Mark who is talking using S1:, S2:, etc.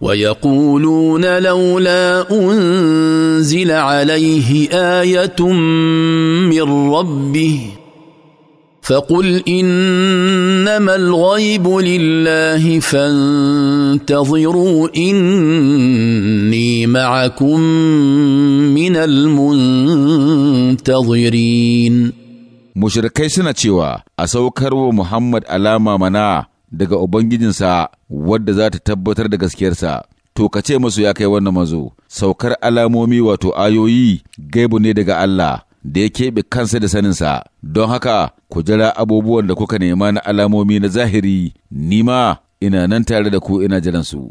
S1: ويقولون لولا انزل عليه ايه من ربه فقل انما الغيب لله فانتظروا اني معكم من
S2: المنتظرين مشركي سنة شوى أسوكر محمد ألاما منا mana daga wadda za ta tabbatar da gaskiyarsa to ka ce masu ya kai wannan mazo saukar alamomi wato ayoyi gaibu ne daga Allah da ya keɓe kansa da saninsa don haka ku jira abubuwan da kuka nema na alamomi na zahiri nima ina nan tare da ku ina jiransu